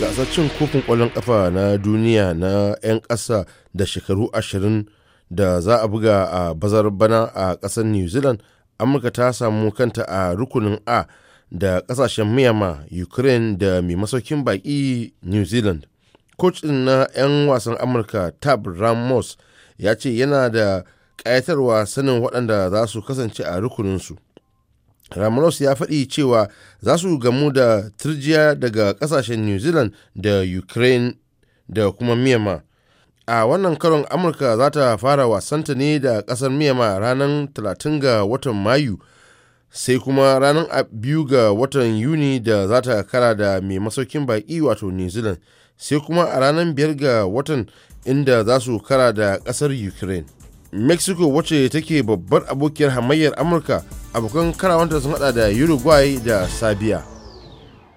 gasar kofin kwallon kafa na duniya na 'yan ƙasa da shekaru ashirin da za a buga a bazar bana a ƙasar new zealand amurka ta samu kanta a rukunin a da ƙasashen miyama ukraine da mai masaukin baƙi new zealand coach din na 'yan wasan amurka tab ramos ya ce yana da ƙayatarwa sanin waɗanda za su kasance a rukuninsu Ramos ya faɗi cewa za su gamu da turjiya daga ƙasashen New Zealand da Ukraine da kuma Myanmar. A wannan karon Amurka za ta fara wasanta ne da ƙasar Myanmar ranar 30 ga watan Mayu, sai kuma ranar 2 ga watan Yuni da za ta kara da mai masaukin baƙi wato New Zealand, sai kuma a ranar 5 ga watan inda za su kara da ƙasar Ukraine. Mexico wacce take babbar abokiyar hamayyar Amurka abokan karawanta sun hada da uruguay da sabia